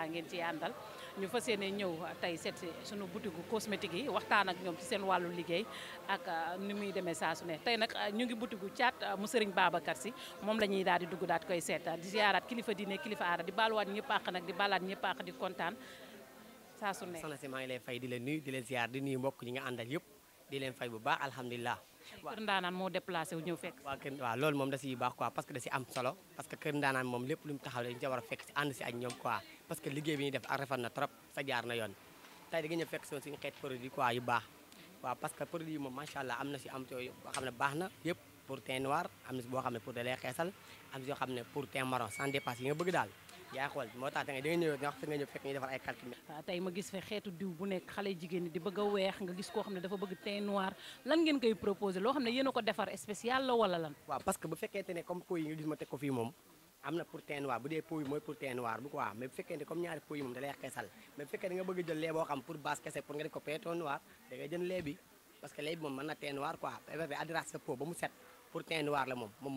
Moussa ngeen ci àndal ñu fas yéene ñëw tey seet si sunu boutique cosmétique yi waxtaan ak ñoom ci seen wàllu liggéey ak euh, ni muy demee saa su ne tey nag euh, ñu ngi boutique caat euh, mu sëriñ Babacar si moom la ñuy daal di dugg daat koy seeta di ziaraat kilifa diine kilifa aada di waat ñëpp àq nag di baalaat ñëpp àq di kontaan saa su ne soxna si maa ngi lay fay di la nuyu di la ziar di nuyu mbokk ñi nga àndal yëpp di leen fay bu baax alhamdulilah waaw kër ndaanaan moo déplacé wu ñëw fekk. waaw loolu moom da siy baax quoi parce que da si am solo parce que kër ndaanaan moom lépp lu mu taxaw dañu si war a fekk si ànd si ak ñoom quoi parce que liggéey bi ñuy def ak rafet na trop sa jaar na yoon tey da nga ñëw fekk soon suñu xeet produit quoi yu baax waaw parce que produit moom macha allah am na si am tooy boo xam ne baax na yëpp pour teint noir am na si boo xam ne pour da lay xeesal dépasse yi nga bëgg daal yaa xool moo tax dangay dangay ñëw nga wax fi nga ñëw fekk ñu defar ay calcul. waaw ah, ma gis fe xeetu diw bu nekk xale jigéen di bëgg a weex nga gis koo xam ne dafa bëgg teint noir lan ngeen koy ne yéen ko defar spécial la wala lan. waaw parce que bu fekkente ne comme peau yi nga gis ma teg ko fii moom am na pour teint noir bu dee peau moom da lay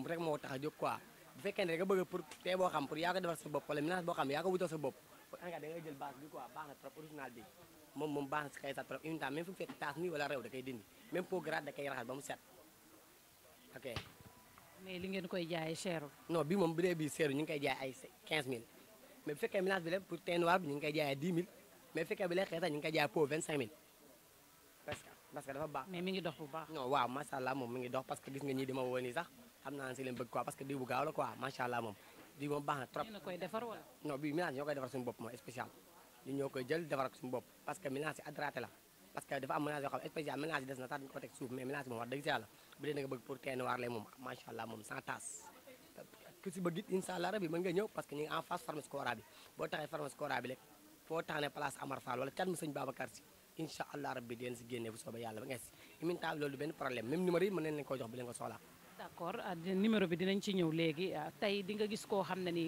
rek moo tax a jóg quoi bu fekkee ne da nga bëgg pour tee boo xam pour yaa ko defal sa bopp wala mélange boo xam yaa ko wutal sa bopp pour ANCAR da ngay jël base bi quoi baax na trop original bi moom moom baax na si kay sax trop une temps même fu mu fekk taas nii wala rew da koy dindi même pot grade da koy raxas ba mu set ok mais li ngeen koy jaayee seerul non bii moom bu dee bii seerul ñu ngi koy jaay ay 15000 mais bu fekkee mélange bi la pour thé noir bi ñu ngi koy jaayee 10000 mais bu fekkee bi lay xeetal ñu ngi koy jaay pot 25000 parce que parce que dafa baax mais mi ngi dox bu baax non waaw macha allah moom mi ngi dox parce que gis nga ñii dima woo nii sax xam naa si leen bëgg quoi parce que diw bu gaaw la quoi macha allah moom diw moom baax na trop. yéen a koy defar wala. non bii moom spécial ñun ñoo ko suñu bopp parce que mélange hydraté la parce que dafa am mélange yoo xam spécial mélange yi des na tax dañu ko teg suuf moom wax dëgg bu dee da nga bëgg teen waar lay moom macha allah moom sans tasse si bëgg it allah rabi di leen si génnee bu soobee yàlla ba nga si en benn problème d'accord ah, numéro bi dinañ ci ñëw léegi ah, tey di nga gis koo xam ne ni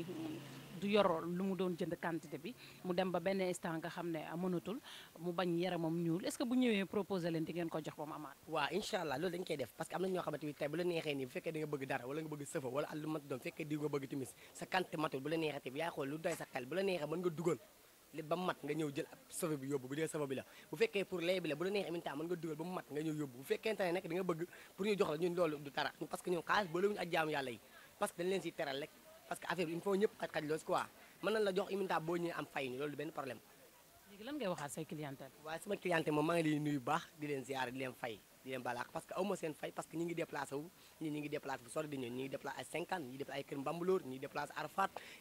du yoroo lu mu doon jënd quantité bi mu dem ba benn instant nga xam ne mënatul mu bañ yaramam ñuul est-ce que bu ñëwee proposé leen di ko jox ba mu amaat waaw incha allah loolu dañ koy def parce que am na ñoo xamante ni tey bu la neexee nii bu fekkee da nga bëgg dara wala nga bëgg sëfa wala àllu mat doon fekkee di nga bëgg timis sa quantité matul bu la neexee tamit yaa xool lu li ba mat nga ñëw jël ab safa bi yóbbu bu dee safa bi la bu fekkee pour lay bi la bu la neexee aminta nga dugal ba mat nga ñëw yóbbu bu fekkente ne nag da nga bëgg pour ñu jox la ñun loolu du dara parce que ñun xaalis boole wuñu ak jaamu parce que dañ leen siy teral rek parce que affaire bi il faut ñëpp xaj-xaj loolu du benn problème léegi lan ngay waxaat say clientèle waaye sama clientèle moom maa ngi leen baax di leen ziar di leen fay di leen balaax parce que aw seen fay parce que ñi ngi déplacé wu ñi di ñëw ñi ngi déplacé ay Sànkan ñi ngi ay Kër Mbambalóor ñi ngi déplacé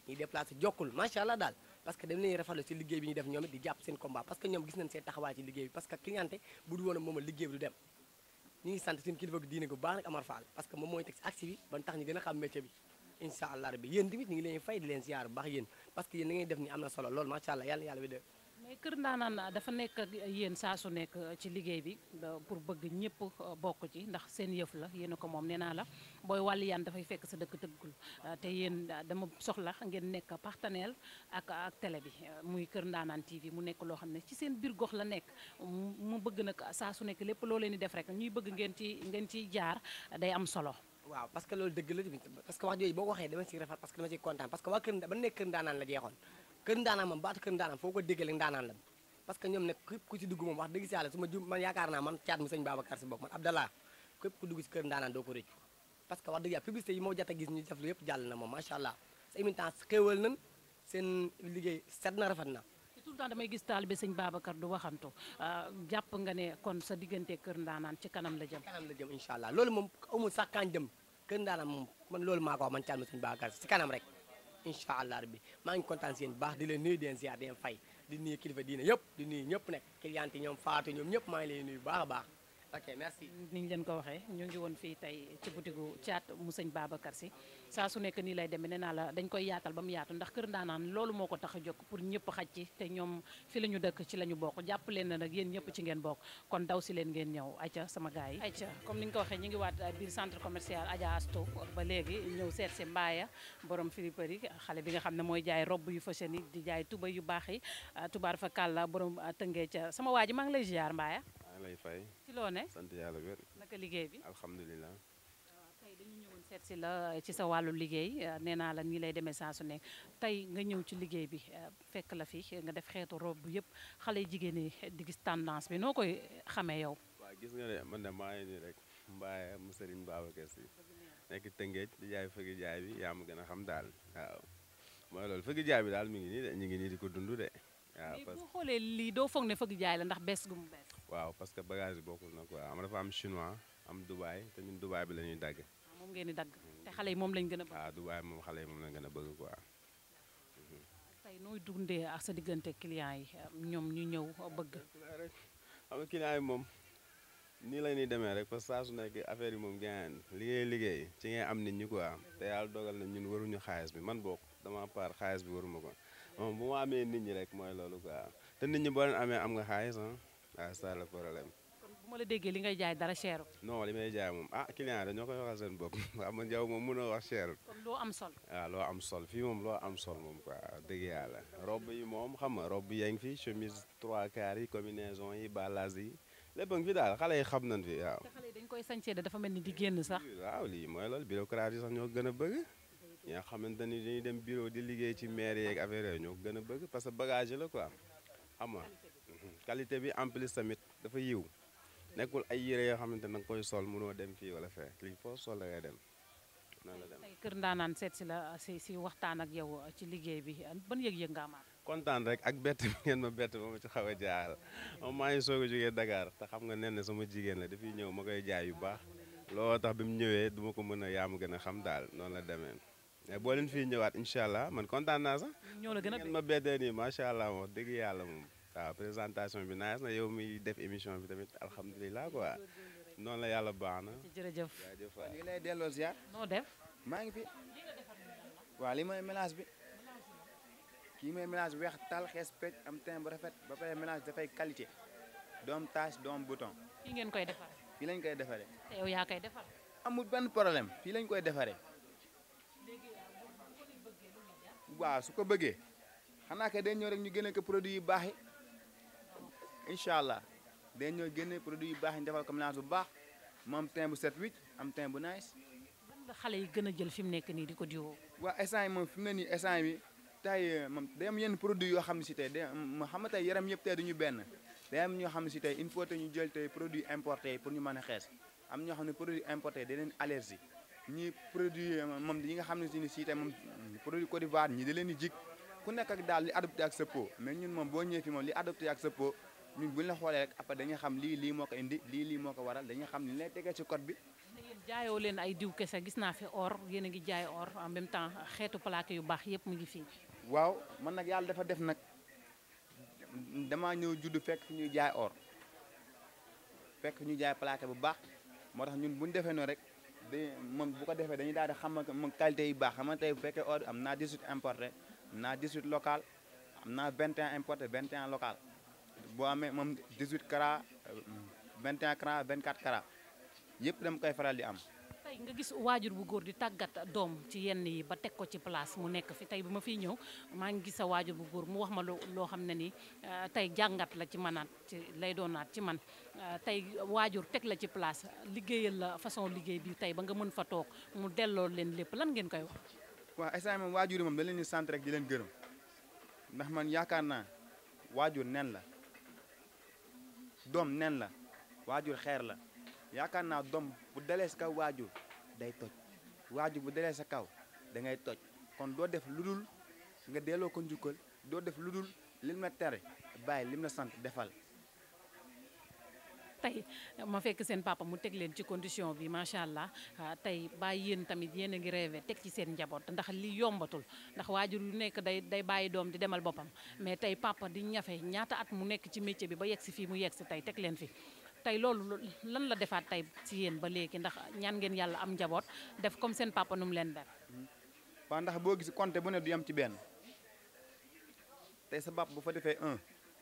ñi ngi Jokkul macha allah daal parce que dañ leen rafetlu ci liggéey bi ñu def ñoom di jàpp seen combat parce que ñoom gis nañ seen taxawaay ci liggéey bi parce que clienté bu du woon moom a liggéey bi du dem ñi ngi seen kilifa gi diine gu baax nag Amar Fall parce que moom mooy teg si mais Kër Ndaanaan dafa nekk ak yéen saa su nekk ci liggéey bi pour bëgg ñëpp euh, bokk ci ndax seen yëf la yéen ko moom nee naa la booy wàllu yaan dafay fekk sa dëkk tëggul euh, te yéen euh, dama soxla ngeen nekk partenaire ak ak télé bi muy Kër Ndaanaan TV mu nekk loo xam ne ci seen biir gox la nekk mu bëgg nag saa su nekk lépp loo leen di def rek ñuy bëgg ngeen ci ngeen ciy jaar day am solo. waaw parce que loolu dëgg la parce que wax jooju boo ko waxee dama ciy rafet kër ndaanaan moom baatu kër ndaanaan foo ko déggee rek ndaanaan la parce que ñoom nag képp ku ci dugg moom wax dëgg si yàlla su ma ju naa man caat mu si bopp man Abdallah képp a gis ñu def moom macha allah sa imitant xéewal nañ seen liggéey set na rafet na tout le temps damay gis taalibe sëñ du waxantu ah, jàpp nga ne kon sa diggante kër ndaanaan ci kanam la jëm kanam la jëm incha allah loolu moom amul sax kan jëm kër ndaanaan moom man loolu maa ko man caat mu sëñ Babacar si kanam rek incha allah rabbi maa ngi kontaan seen baax di leen nuyu di leen ziar di leen fay di nuyu kilifa diine yëpp di nuy ñëpp nekk client yi ñoom faatu ñoom ñëpp maa ngi leen nuyu baax baax ok merci ni ñu leen ko waxee ñoo ngi woon fii tey ci butigu caat mu sëñ Babacar si saa su nekk nii lay demee ne naa la dañ koy yaatal ba mu yaatu ndax kër ndaanaan loolu moo ko tax a jóg pour ñëpp xaj ci te ñoom fi la ñu dëkk ci la ñu bokk jàpp leen na nag yéen ñëpp ci ngeen bokk kon daw si leen ngeen ñëw ayca sama gars yi ayca comme ni nga ko waxee ñu ngi waat biir centre commercial Adja Asto ba léegi ñëw seet si mbaaya borom friperie xale bi nga xam ne mooy jaay robb yu fashion yi di jaay tuba yu baax yi tubaar fa kàlla borom tëngee ca sama waa lay ziar mbaaya maa lay fay. ci loo ne sant yàlla wér. naka liggéey bi alhamdulilah. Ah, tey dañu ñëwoon seet si la eh, ci sa wàllu liggéey eh, nee naa la nii lay demee saa su nekk tey nga ñëw ci liggéey bi eh, fekk la fi nga def xeetu robe bu yëpp xale jigéen ñi di gis tendance bi noo koy xamee yow. waaw gis nga ne man de maa ngi nii rek Mbaye mu Serigne Babacar Sy nekk Tëngéej di jaay fëgg jaay bi yaa ma gën a xam daal waaw mooy loolu fëgg jaay bi daal mi ngi nii de ñu ngi nii di ko dund de. waaw parce que lii doo foog ne foog jaay la ndax bees waaw parce que bagage yi bokkul nag waaw am dafa am chinois am Dubaay te ñun Dubaay bi la ñuy dagg. Ah, moom ngeen di dagg te xale yi moom lañ gën a bëgg. waaw ah, Dubaay moom xale yi moom lañ a bëgg quoi. tey nooy dundee ak sa diggante client yi ñoom ñu ñëw bëgg. xam nga yi moom ni la ñuy demee rek parce que saa su nekk affaire yi moom gaañ liggéey liggéey ci ngay am nit ñi quoi te yàlla dogal na ñun waruñu xaalis bi man bokk dama part xaalis bi waruma ko. moom bu ma amee nit ñi rek mooy loolu quoi te nit ñi boo leen amee am nga xaalis ah waaw ah, ça le problème. bu ma la déggee li ngay jaay dara cher. non li may jaay moom ah client dañoo koy waxal seen bopp waaw man yow moom mënoo wax cher. kon loo am sol. Ah, loo am sol fii moom loo am sol moom quoi dëgg yàlla robe yi moom xam nga robe yaa ngi fi chemise trois quarts yi combinaison yi balaz yi. lépp ngi fi daal xale yi xam nañ fi waaw. te xale yi dañ koy dafa mel ni di génn sax. waaw lii sax ñoo gën a bëgg. ñi nga xamante ni dañuy dem bureau di liggéey ci maire yeeg affaire yooyu ñoo gën a bëgg parce que bagage la quoi am nga mhm. qualité bi en plus tamit dafa yiw nekkul ay yére yoo xamante ne nga koy sol mënoo dem fii wala fee lii sol dem. noonu la dem tey Kër seet si la si si waxtaan ak yow ci liggéey bi ban yëg-yëg nga kontaan rek ak bett bi ma bett ci xaw a jaar moom maa ngi soog a jógee Dakar te xam nga nen sama jigéen la dafay ñëw ma koy jaay yu baax looloo tax bi mu ñëwee duma ko mën a yaam gën a xam daal noonu la demee. Eh, boo leen fii ñëwaat incha allah man kontaan naa sax. ñoo la gën a ma beddee nii macha allah wax dëgg yàlla moom. waaw présentation bi naaj na yow miy def émission bi tamit alhamdulilah quoi noonu la yàlla baax na. jërëjëf jërëjëf waaw. ñu lay delloo ziar. noo def. maa ngi fi. waaw li mooy mélange bi. kii mooy mélange weex tal xees pecc am teint bu rafet ba pare mélange dafay qualité. doom tache doom bouton. fii ngeen koy defar. fii lañ koy defaree. te yow yaa koy defar. amul benn problème fii lañ koy defaree. waaw su ko bëggee xanaa kay day ñëw rek ñu génne ko produit yu baax yi incha allah day ñëw génne produit yu baax yi ñu defal ko mélange bu baax mu am teint bu set wicc am teint bu nice. lan xale yi gën a jël fi mu nekk nii di ko diwoo. waa instant yi moom fi mu ne nii instant bi tey eh, moom day am yenn produit yoo xam ne si tey day ma mm, xam tey yaram yëpp tey du ñu benn day am ñoo xam ne si tey il faut te ñu jël tey produit importé pour ñu mën a xees am ñoo xam ne produit importé day leen allergie. ñi produit moom yi nga xam ne si ni si tey moom produit Côte d'Ivoire ñi da leen di jig ku nekk ak daal li adopté ak sa peau mais ñun moom boo ñëwee fi moom li adopté ak sa peau ñun buñ la xoolee rek après dañuy xam lii lii moo ko indi lii lii moo ko waral dañu xam ni lay tegee ci code bi jaayoo leen ay diw kese gis naa fi or yéen a ngi jaay or en même temps xeetu plaque yu baax yëpp mu ngi fii waaw man nag yàlla dafa def nag damaa ñëw juddu fekk fi ñuy jaay or fekk ñu jaay plaque bu baax moo tax ñun buñ defee noonu rek di moom bu ko defee dañuy daal di xam moom qualité yu baax xam nga tey bu fekkee ordre am naa 18 importé am naa 18 local am naa 21 vingt 21 local boo amee moom 18 carats 21 carats 24 carats yëpp dama koy faral di am. tey nga gis waajur bu góor di tàggat doom ci yenn yi ba teg ko ci place mu nekk fi tey bu ma fiy ñëw maa ngi gis sa waajur bu góor mu wax ma loo xam ne ni euh, tey jàngat la ci manaat ci lay doonaat ci man euh, tey waajur teg la ci place liggéeyal la façon liggéey bi tey ba nga mën fa toog mu delloo leen lépp lan ngeen koy wax. waaw instant moom waajur leen di sant rek di leen gërëm ndax man yaakaar naa waajur nen la doom nen la waajur xeer la yaakaar naa doom bu dalee si kaw waajur day toj waajur bu delee sa kaw da ngay toj kon doo def lu dul nga delloo ko njukkal doo def lu dul lim la tere bàyyi lim la sant defal. tey ma fekk seen papa mu teg leen ci condition bi macha allah ah, tey bàyyi yéen tamit yéen a ngi rêvé teg ci seen njaboot ndax li yombatul ndax waajur yu nekk day day bàyyi doom di demal boppam mais tey papa di ñafe ñaata at mu nekk ci métier bi ba yegg si fii mu yegg si tey teg leen fi tey loolu lan la defaat tey ci yéen ba léegi ndax ñaan ngeen yàlla am njaboot def comme seen papa nu leen def. Hmm. waaw ndax boo gis compté bu ne du yam ci benn tey sa papa bu fa defee un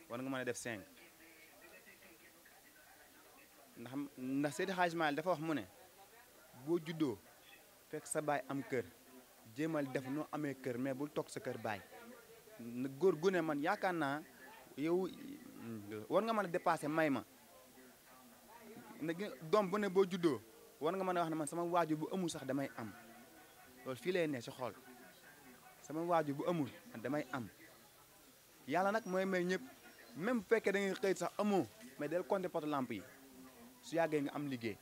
war nga mën a def cinq ndax ndax Seydi dafa wax mu ne boo juddoo fekk sa baay am kër jéemal def noo amee kër mais bul toog sa kër baay góor gu ne man yaakaar naa yow hmm, war nga mën a dépassé may ma nag doom bu ne boo juddoo war nga mën a wax ne man sama waajur bu amul sax damay am loolu fii lay ne si xool sama waajur bu amul damay am yàlla nag mooy may ñëpp même bu fekkee da ngay xëy sax amoo may del compter pot làmp yi su yàggee nga am liggéey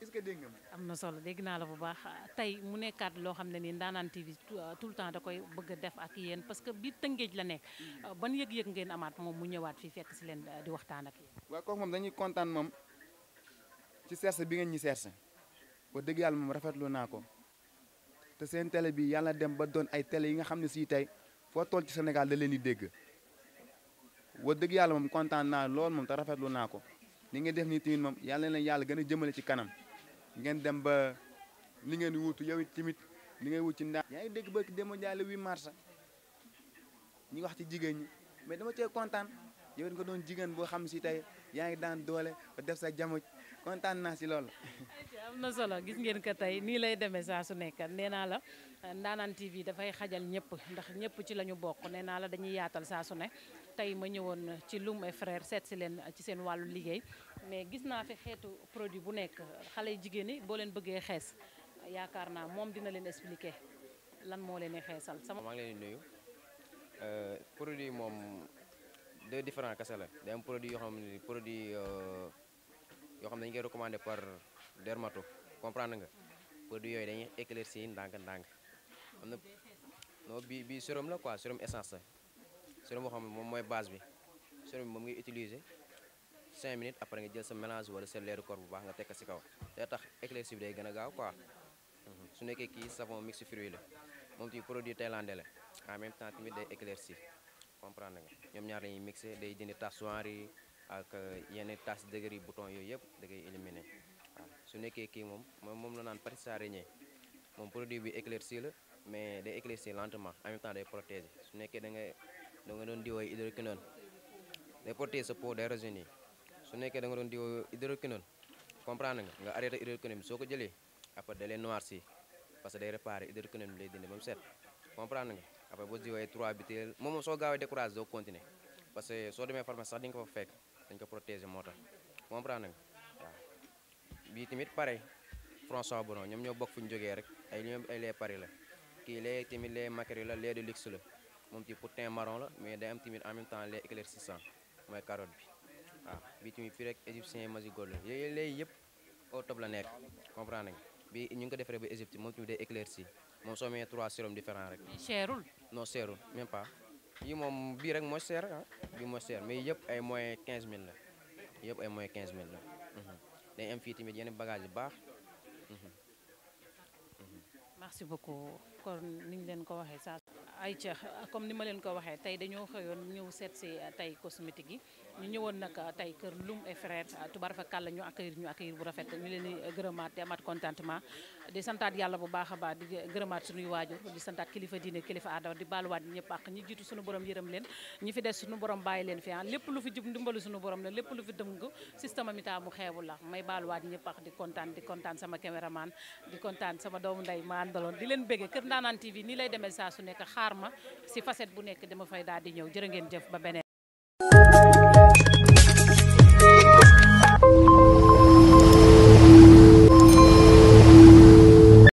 est-ce que dégg nga am na solo dégg naa la bu baax tey mu nekkaat loo xam ne nii Ndanane TV euh, tout le temps da koy bëgg def ak yéen parce que biir Tëngéej la nekk mm. euh, ban yëg-yëg ngeen amaat moom mu ñëwaat fii fekk si leen euh, di waxtaan ak yi waa kooku moom dañuy kontaan moom ci serse bi ngeen ñi serse ba dëgg yàlla moom rafetlu naa ko te seen tele bi yàlla dem ba doon ay télé yi nga xam ne sii tey foo tool ci Sénégal da leen di dégg wa dëgg yàlla moom kontaan naa lool moom te rafetlu naa ko li nga def ni tamit moom yàlla na yàlla gën a jëmale ci kanam ngeen dem ba li ngeen wutu yow tamit li ngay wut ci ndax. yaa ngi dégg ba démb jaay le 8 mars ñu wax ci jigéen ñi mais dama cee yow nga doon jigéen boo xam si tey yaa ngi daan doole ba def sa jamono kontaan naa si loolu. am na solo gis ngeen ko tey nii lay demee saa su nekk nee naa la Ndanane TV dafay xajal ñëpp ndax ñëpp ci la ñu bokk nee naa la dañuy yaatal saa su ne tey ma ñëwoon ci Loum et Frères seet si leen ci seen wàllu liggéey mais gis naa fi xeetu produit bu nekk xale jigéen ñi boo leen bëggee xees yaakaar naa moom dina leen expliquer lan moo leen xeesal sama. maa ngi leen di nuyu euh, produit moom. de différent kese la day am produit yoo xam ne produit euh, yoo xam ne dañu koy recommandé par dermato comprendre nga produit yooyu dañuy éclaircir ndànk-ndànk am bi bi sérum la quoi sérum essence la sérum boo ne moom mooy base bi sérum bi moom ngay utiliser 5 minutes après nga jël sa mélange wala sa leeru corps bu baax nga tekk si kaw day tax éclairci bi day gën a gaaw quoi su nekkee kii savon mix fruit la moom tamit produit thaïlandais la en même temps tamit day éclairci comprendre nga ñoom ñaar lañuy mixé day dindi taches noires yi ak euh, yenn taches dëgër yi yooyu yëpp da koy éliminer waaw su nekkee kii moom moom moom la naan pâtisserie araignée moom produit bi éclairci la mais day éclairci lentement en même temps day protéger su nekkee da nga da nga doon diwoo hydroquinone day protéger sa peau day rajeunir su nekkee da nga doon diwoo hydroquinone comprendre nga nga arrêté hydroquinone bi soo ko jëlee après da lay noirci parce que day réparer hydroquinone bi lay dindi ba mu set après boo jiwee trois butéel moom moom soo gaawee découragé doo continuer parce que soo demee pharmacie sax di nga ko fa fekk dañ ko protéger moo tax comprendre nga waaw bii tamit pareil François Bono ñoom ñoo bokk fu ñu jógee rek ay les paris la kii les tamit les maquereaux la les de luxe la moom ci pour teint marron la mais day am tamit en même temps les bi waaw fii rek égyptien masigold la yooyu léegi yëpp au top la nekk comprendre nga bii ñu ngi ko defaree ba Égypte moom tamit day éclairci moom soo amee trois sérum différents rek. seerul. noo seerul même pas yi moom bii rek moo seer ah bii moo seer mais yëpp ay moyen 15000 la yëpp ay moyen 15000 la. Mhm. day am fii tamit yenn bagage yu baax. Mhm. Mhm. merci beaucoup kon ni leen ko waxee saa. ay ca comme ni ma leen ko waxee tey dañoo yoon ñëw seet si tey cosmétique yi. ñu ñëwoon nag ah, tey kër Loum et frères ah, tubar fa kàll ñu accueillir ñu accueillir bu rafet ñu leen di gërëmaat te contentement di santaat yàlla bu baax a baax di gërëmaat suñuy waajur di santaat kilifa diine kilifa aada di baaluwaat ñëpp ak ñi jiitu suñu borom yërëm leen ñi fi des suñu borom bàyyi leen fi ah lépp lu fi jub ndimbalu suñu borom la lépp lu fi dëng système amita mu xeebu la may baaluwaat ñëpp ak di kontaan di kontaan sama caméraman di kontaan sama doomu maan ma àndaloon di leen béggee Kër Ndanane TV nii lay demee saa su nekk xaar ma si facette bu nekk dama fay daal di ñëw jërë ngeen jëf ba beneen